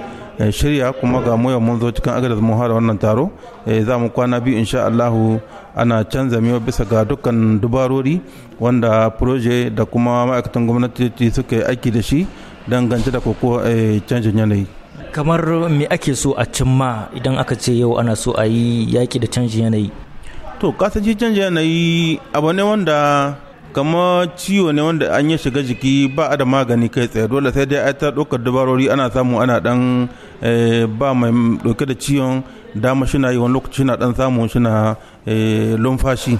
shirya kuma ga mu mun zo cikin agadar muhara wannan taro za mu kwana biyu insha Allahu ana canza miyo bisa ga dukkan dubarori wanda proje da kuma ma'aikatan gwamnati suka aiki da shi dangance da koko eh, canjin yanayi kamar me ake so a cimma idan aka ce yau ana so a yi yaƙi da canjin yanayi to kasance canjin yanayi abu ne wanda kama ciwo ne wanda an yi shiga jiki ba a da magani kai tsaye dole sai dai a ta ɗaukar dabarori ana samu ana dan eh, ba mai dauke da ciwon dama shina yi wani lokaci na dan samu shina eh, lumfashi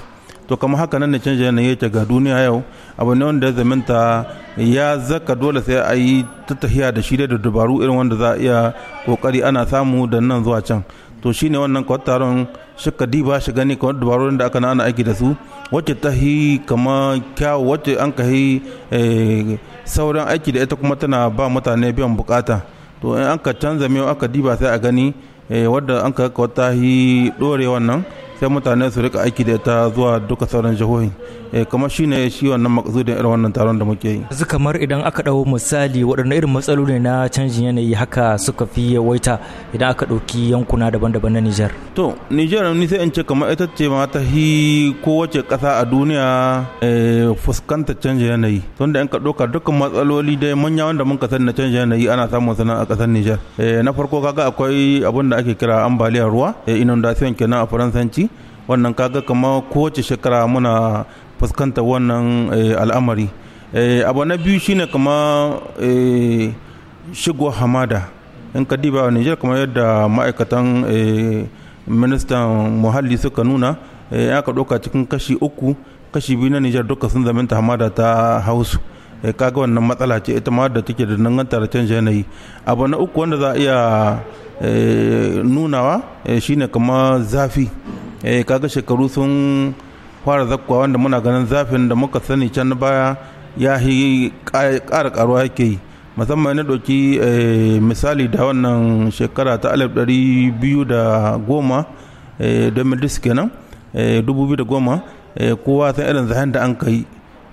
to kamar haka nan ne canja yanayi ta ga duniya yau abu ne wanda zamanta ya zaka dole sai a yi ta tahiya da shi da dabaru irin wanda za a iya kokari ana samu da nan zuwa can to ne wannan kawai taron shika diba shi gani kamar dabarun da aka na ana aiki da su wacce ta hi kama kyawu wacce an ka hi eh, sauran aiki da ita kuma tana ba mutane biyan bukata to in an ka canza mai aka diba sai a gani Eh, wadda an ka yi hi dore sai mutane su rika aiki da ta zuwa duka sauran jihohin eh, kamar shi ne shi wannan makasudin irin wannan taron da muke yi yanzu kamar idan aka ɗau misali waɗanne irin matsaloli na canjin yanayi haka suka fi yawaita idan aka ɗauki yankuna daban-daban na Nijar to Nijar ni sai in ce kamar ita ce ma ta hi kowace ƙasa a duniya eh, fuskanta canjin yanayi da in ka ɗauka dukkan matsaloli dai manya wanda mun ka sani na canjin yanayi ana samun nan a ƙasar Nijar eh, na farko kaga akwai abin da ake kira ambaliyar ruwa inundation kenan a faransanci wannan kaga kama kowace shekara muna fuskanta wannan eh, al'amari eh, abu na biyu shine kama eh, shigo hamada in ka diba nijar kama yadda ma'aikatan ministan muhalli suka nuna ya ka ɗauka cikin kashi uku kashi biyu na nijar duka sun zamanta hamada ta hausu kaga wannan matsala ce ita ma da take da danganta da canjin yanayi abu na uku wanda za a iya nunawa shine kama zafi eh kaga shekaru sun fara zakwa wanda muna ganin zafin da muka sani can baya ya yi ƙara ƙaruwa yake yi musamman na ɗauki eh, misali da wannan shekara ta alif ɗari biyu da goma eh, domin disk kenan eh, dubu biyu da goma kowa san irin zahen da an kai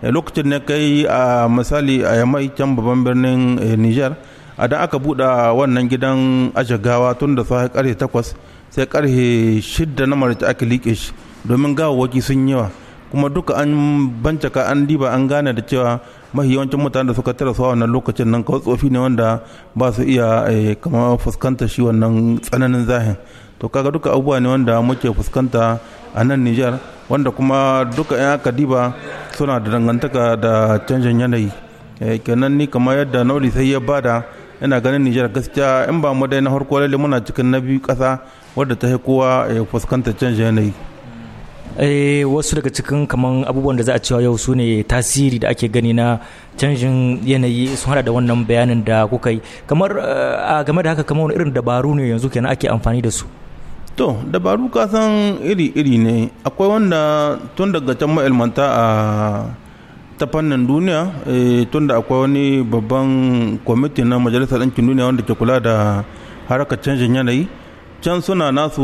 lokacin ne kai a misali a yamai can babban birnin niger a da aka buɗe wannan gidan ajagawa tun da safe karfe takwas sai karfe shidda na marita aka liƙe shi domin gawawwaki sun yawa kuma duka an bancaka an diba an gane da cewa mafi yawancin mutane da suka tara su wannan lokacin nan kawai tsofi ne wanda ba su iya eh, kama fuskantar shi wannan tsananin zahin to kaga duka abubuwa ne wanda muke fuskanta a nan Nijar wanda kuma duka 'yan aka diba suna da dangantaka da canjin yanayi eh, kenan ni kama yadda nauri sai ya bada ina ganin nijar gaskiya in ba mu dai na harko lalle muna cikin na biyu kasa wadda ta kowa ya fuskanta canjin yanayi eh wasu daga cikin kaman abubuwan da za a cewa yau su ne tasiri da ake gani na canjin yanayi sun hada da wannan bayanin da kuka yi kamar eh, a game da haka kamar irin dabaru ne yanzu kenan ake amfani da su to dabaru kasan iri-iri ne akwai wanda tun daga can ma'ilmanta a ta fannin duniya eh, da akwai wani babban kwamiti na majalisar ɗinkin duniya wanda ke kula da harkar canjin yanayi can suna nasu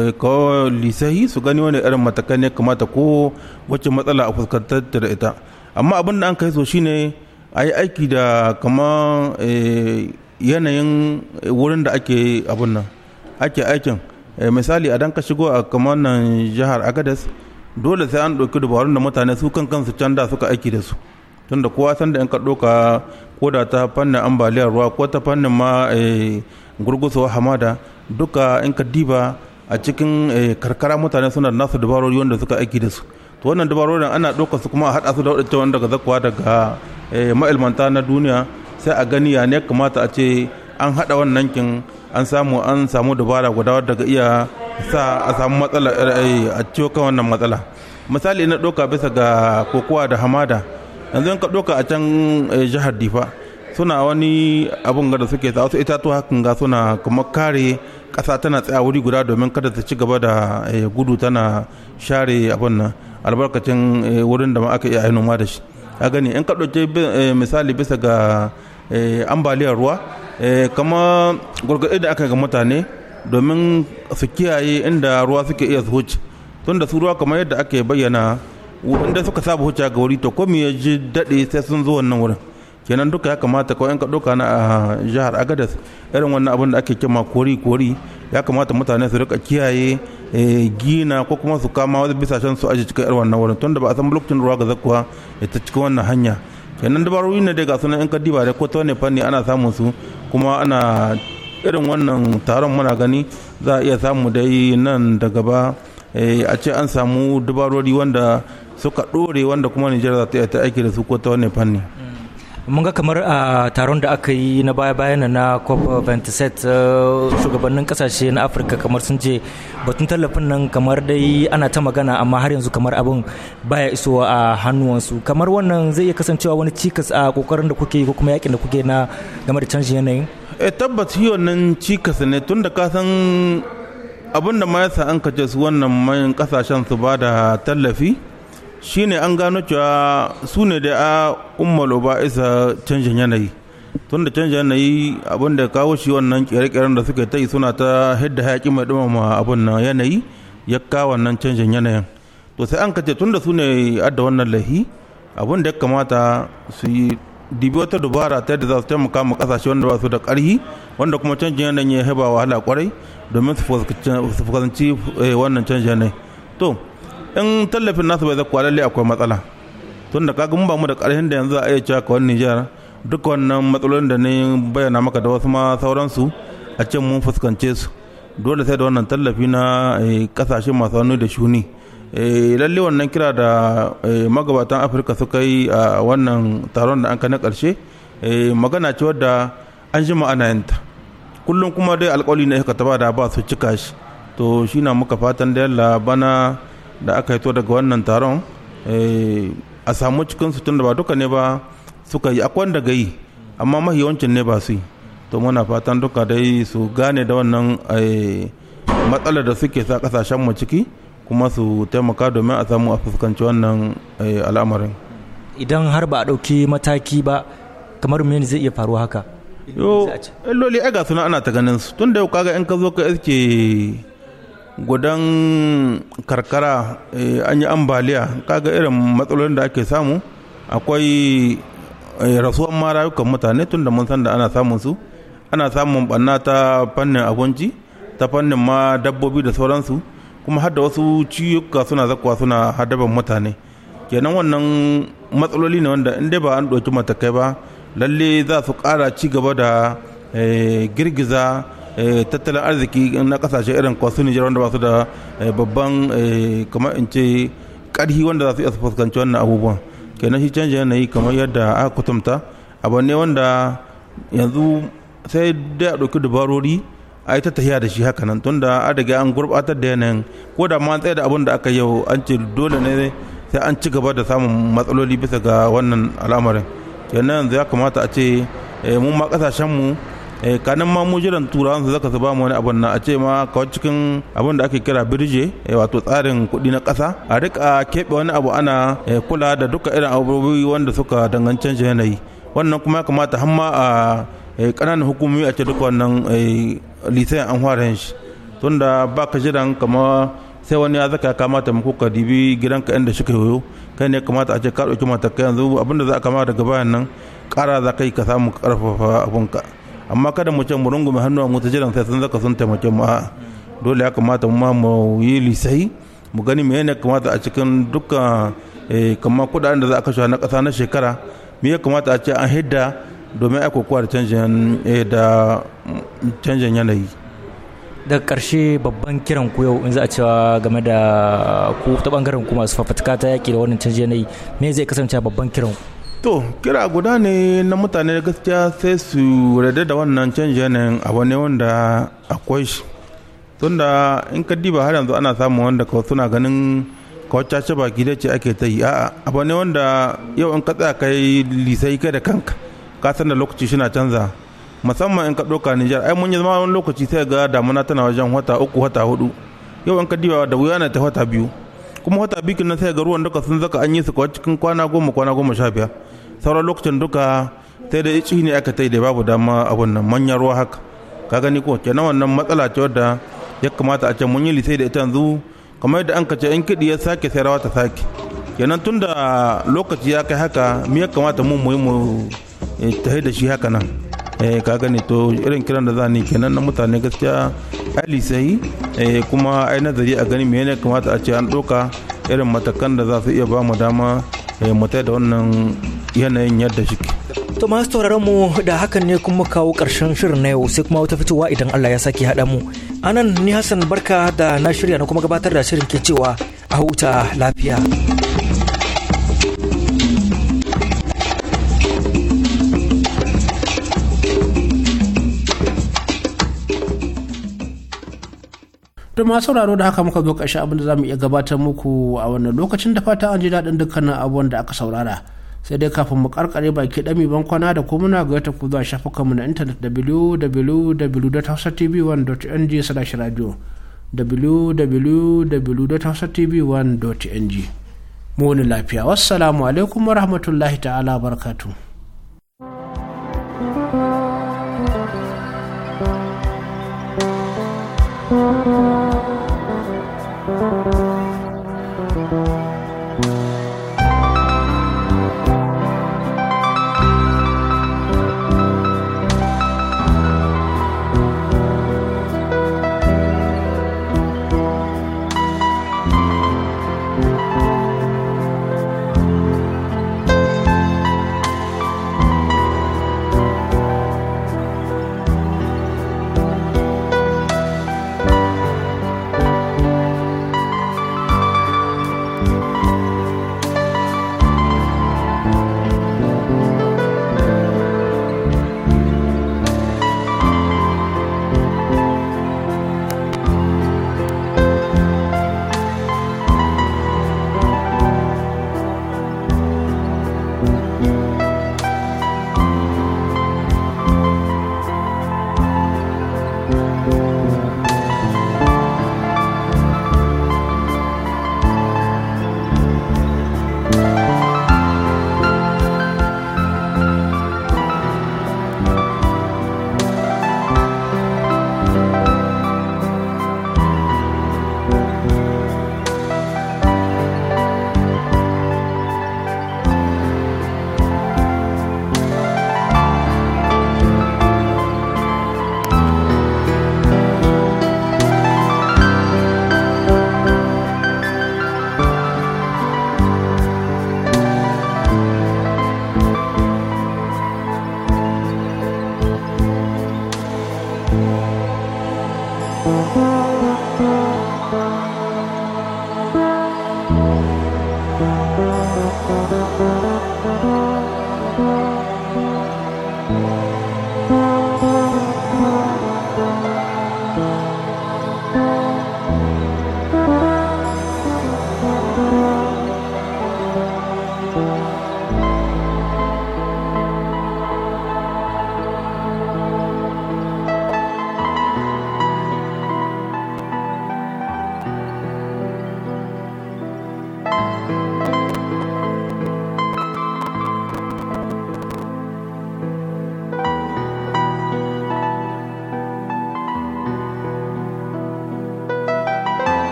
eh, kawo lisahi su gani wani irin matakai ne kamata ko wacce matsala a fuskantar da ita amma abin da an kai so shine a yi aiki da kama eh, yanayin wurin da ake abin nan ake aikin misali a dan ka shigo a kamar jihar agadas dole sai an ɗauki dabarun da mutane su kan kansu can da suka aiki da su tunda kowa san da in ka ɗauka ko da ta fannin ambaliyar ruwa ko ta fannin ma eh, gurgusawa hamada duka in ka diba a cikin eh, karkara mutane suna da nasu dabarori wanda suka aiki da su to wannan dabarorin ana ɗauka su kuma a haɗa su da waɗancan wanda ga zakuwa daga eh, ma'ilmanta na duniya sai a gani ya ne kamata a ce an haɗa wannan kin an samu an samu dabara guda daga iya sa a samu matsala eh, a ciwo kan wannan matsala misali na doka bisa ga kokowa da hamada yanzu in ka doka a can eh, jihar difa suna wani abun da suke sa wasu itatuwa hakan ga suna kuma kare ƙasa tana tsaya wuri guda domin kada ta ci gaba da eh, gudu tana share abin nan albarkacin wurin da ma aka iya noma da shi a gani in ka ɗauke misali bisa ga ambaliyar ruwa kama gwargwaɗe da aka ga mutane domin su kiyaye inda ruwa suke iya su huce tun da su ruwa kamar yadda ake bayyana inda suka saba huce ga wuri to komi ya ji daɗe sai sun zo wannan wurin kenan duka ya kamata ko in ka ɗauka na a ah, jihar agadas irin wannan abin da ake kima kori kori ya kamata mutane su rika kiyaye eh, gina ko kuma su kama wasu bisashen su aji cikin irin wannan wurin tunda ba a san lokacin ruwa ga zakuwa ya ta cikin wannan hanya kenan dabarori ne dai ga sunan in ka diba da ko ta wani fanni ana samun su kuma ana irin wannan taron muna gani za a iya samu dai nan da gaba eh, a ce an samu dubarori wanda suka ɗore wanda kuma nijar za ta iya ta aiki da su ko ta wani fanni mm. mun ga kamar a taron da aka yi na baya bayan na cop 27 eh, shugabannin kasashe na afirka kamar sun je batun tallafin nan kamar dai ana ta magana amma har yanzu kamar abin baya isowa a hannuwansu kamar wannan zai iya kasancewa wani cikas a kokarin da kuke yi ko kuma yakin da kuke na game da canjin yanayin e tabbas shi wannan cikas ne tun da ka abin da ma an kace su wannan mayan kasashen su ba da tallafi shine an gano cewa su ne da a ummal uba isa canjin yanayi tun da canjin yanayi abin da kawo shi wannan kere-keren da suka ta yi suna ta hidda hayaƙi mai dumama abin na yanayi ya kawo wannan canjin yanayin to sai an kace tun da su ne adda wannan lahi abin da ya kamata su yi dibi wata dubara ta yadda za su taimaka mu kasashe wanda ba su da karhi wanda kuma canjin yanayin ya haiba wahala kwarai domin su fuskanci eh, wannan canjin yanayi to in tallafin nasu bai kwa lalle akwai matsala tun da kaga mun ba mu da karhin da yanzu za a iya cewa kawai Nijar duk wannan matsalolin da ne bayyana maka da wasu ma sauransu a can mun fuskance su dole sai da wannan tallafi na eh, kasashe masu hannu da shuni Eh, lalle wannan kira da eh, magabatan afirka suka yi a wannan taron da an ka na ƙarshe eh, magana ce da an ji ma'ana kullum kuma dai alkawali na ta ba da ba su cika shi to shi na muka fatan da yalla bana da aka to daga wannan taron a samu cikin su tun da ba duka ne ba suka yi akwai daga yi amma yawancin ne ba su yi to muna fatan duka dai su gane da wannan matsalar da suke sa kasashen mu ciki kuma su taimaka domin a samu a fuskanci wannan eh, al'amarin idan har ba a ɗauki mataki ba kamar mene zai iya faru haka yo illoli ai ga suna ana ta ganin su tun da kaga in ka zo ka iske gudan karkara eh, an yi ambaliya kaga irin matsalolin da ake samu akwai eh, rasuwan ma rayukan mutane tun da mun san da ana samun su ana samun banna ta fannin abinci ta fannin ma dabbobi da sauransu kuma har da wasu ciyuka suna zakuwa suna hadaban mutane kenan wannan matsaloli ne wanda inda ba an ɗauki matakai ba lalle za su ƙara ci gaba da eh, girgiza eh, tattalin arziki na kasashe irin kwasu nijar wanda ba su da eh, babban kamar in ce ƙarhi wanda za su iya fuskanci wannan abubuwa kenan shi canjin yanayi kamar yadda aka kutumta abu ne wanda yanzu sai dai a ɗauki dabarori a yi ta tahiya da shi haka nan tunda an riga an gurbatar da yanayin ko da ma tsaye da abin da aka yau an ce dole ne sai an ci gaba da samun matsaloli bisa ga wannan al'amarin kenan yanzu ya kamata a ce eh, mun ma kasashen mu eh, kanan ma mu jiran turawan su zaka su ba mu wani abun na a ce ma kawai cikin abun da ake kira birje eh, wato tsarin kuɗi na kasa. a rika keɓe wani abu ana kula da duka irin abubuwa wanda suka dangancin yanayi wannan kuma ya kamata hamma a kanan eh, hukumomi a cikin duka wannan eh, lisan an fara shi tunda ba ka jiran kama sai wani ya zaka kamata mu kuka ka dibi ka inda shi yoyo kai ne kamata a ce ka mata matakai yanzu abinda za a kama daga bayan nan kara za kai ka samu abun ka amma kada mu ce mu rungume hannuwan mu jiran sai sun zaka sun taimake mu a dole ya kamata mu ma mu yi lisai mu gani me ne kamata a cikin dukkan eh, kama kudaden da za a kashe na kasa na shekara me ya kamata a ce an hidda domin aiko kokowa da canjin eh, yanayi daga ƙarshe babban kiran ku yau in za a cewa game da ku ta bangaren ku masu fafatuka ta yaƙi da wannan canjin yanayi me zai kasance babban kiran ku to kira guda ne na mutane gaskiya sai su rade da wannan canjin yanayin abu ne wanda akwai shi tunda in ka diba har yanzu ana samun wanda ka suna ganin kawai ce baki da ce ake ta yi a'a abu ne wanda yau in ka tsaya kai lisai kai da kanka ka san da lokaci shi na canza musamman in ka ɗauka Nijar ai mun yi zama wani lokaci sai ga damuna tana wajen wata uku wata hudu yau in ka diba da wuya na ta wata biyu kuma wata biyu kin sai ga ruwan duka sun zaka an yi su kawai cikin kwana goma kwana goma sha biyar sauran lokacin duka sai da ici ne aka tai da babu dama abun nan manyan ruwa haka ka gani ko kenan wannan matsala ce wadda ya kamata a can mun yi lisai da ita yanzu kamar yadda an ka ce in kiɗi ya sake sai rawa ta sake kenan tun da lokaci ya kai haka me ya kamata mu mu Eh, ta da shi haka nan eh, ka gane to irin kiran da za ni kenan na mutane gaskiya ali sai eh, kuma ai nazari a gani me kamata a ce an ɗauka irin matakan da za su iya ba mu dama mu da wannan yanayin yadda shi To masu sauraron mu da hakan ne kuma kawo karshen shirin na yau sai kuma wata fitowa idan Allah ya saki haɗa mu. Anan ni Hassan Barka da na shirya na kuma gabatar da shirin ke cewa a huta lafiya. to ma sauraro da haka muka zo ƙarshe abin da za mu iya gabatar muku a wannan lokacin da fata an ji daɗin dukkanin abubuwan da aka saurara sai dai kafin mu karkare baki dami ban kwana da kuma muna ta ku zuwa shafukanmu na intanet www.hausatv1.ng slash radio www.hausatv1.ng mu wani lafiya wassalamu alaikum warahmatullahi ta'ala barkatu.